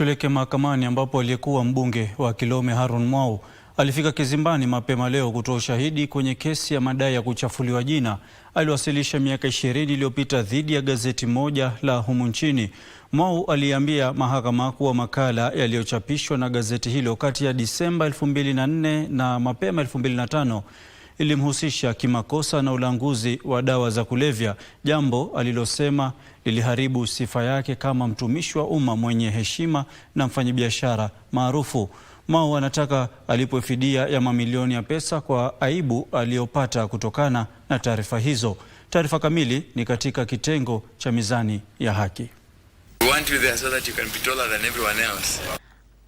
Tuelekee mahakamani ambapo aliyekuwa mbunge wa Kilome Harun Mwau alifika kizimbani mapema leo kutoa ushahidi kwenye kesi ya madai ya kuchafuliwa jina aliwasilisha miaka ishirini iliyopita dhidi ya gazeti moja la humu nchini. Mwau aliambia mahakama kuwa makala yaliyochapishwa na gazeti hilo kati ya Disemba 2004 na mapema 2005 ilimhusisha kimakosa na ulanguzi wa dawa za kulevya, jambo alilosema liliharibu sifa yake kama mtumishi wa umma mwenye heshima na mfanyabiashara maarufu. Mao anataka alipwe fidia ya mamilioni ya pesa kwa aibu aliyopata kutokana na taarifa hizo. Taarifa kamili ni katika kitengo cha Mizani ya Haki.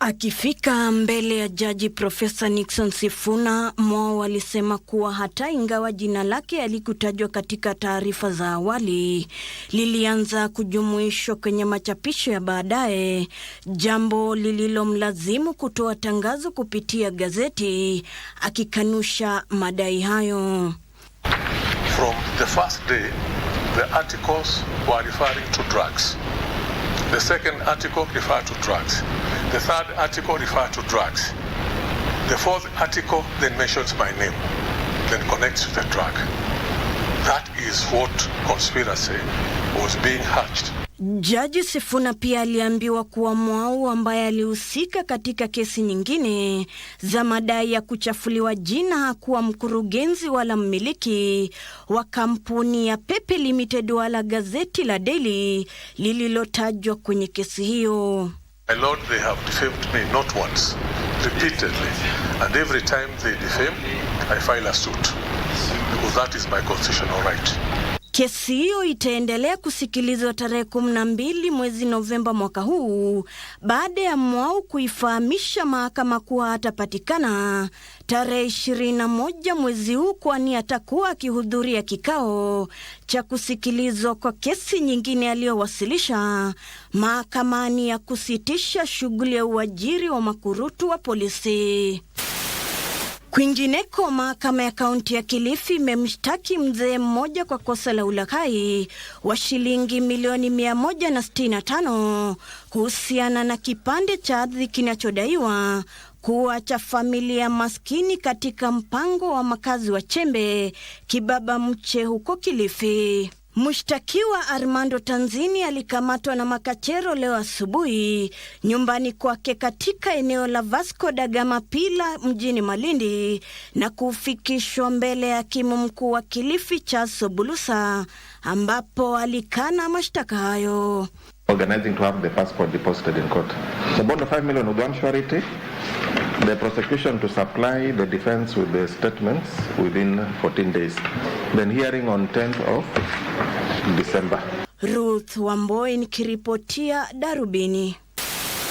Akifika mbele ya jaji Profesa Nixon Sifuna, mwau alisema kuwa hata ingawa jina lake alikutajwa katika taarifa za awali, lilianza kujumuishwa kwenye machapisho ya baadaye, jambo lililomlazimu kutoa tangazo kupitia gazeti, akikanusha madai hayo. From the first day, the articles were referring to drugs. The second article referred to drugs. The third article referred to drugs. The fourth article then mentions my name, then connects to the drug. That is what conspiracy was being hatched. Jaji Sifuna pia aliambiwa kuwa Mwau ambaye alihusika katika kesi nyingine za madai ya kuchafuliwa jina kuwa mkurugenzi wala mmiliki wa kampuni ya Pepe Limited wala gazeti la Daily lililotajwa kwenye kesi hiyo. My Lord, they have defamed me not once, repeatedly. And every time they defame, I file a suit. Because that is my constitutional right. Kesi hiyo itaendelea kusikilizwa tarehe 12 mwezi Novemba mwaka huu baada ya Mwau kuifahamisha mahakama kuwa atapatikana tarehe 21 mwezi huu, kwani atakuwa akihudhuria kikao cha kusikilizwa kwa kesi nyingine aliyowasilisha mahakamani ya kusitisha shughuli ya uajiri wa makurutu wa polisi. Kwingineko, mahakama ya kaunti ya Kilifi imemshtaki mzee mmoja kwa kosa la ulaghai wa shilingi milioni 165 kuhusiana na kipande cha ardhi kinachodaiwa kuwa cha familia maskini katika mpango wa makazi wa Chembe Kibaba Mche huko Kilifi. Mshtakiwa Armando Tanzini alikamatwa na makachero leo asubuhi nyumbani kwake katika eneo la Vasco da Gama Pillar mjini Malindi na kufikishwa mbele ya hakimu mkuu wa Kilifi Charles Bulusa ambapo alikana mashtaka hayo organizing to have the passport deposited in court. The bond of 5 million with one surety, the prosecution to supply the defense with the statements within 14 days. Then hearing on 10th of December. Ruth Wamboi nikiripotia Darubini.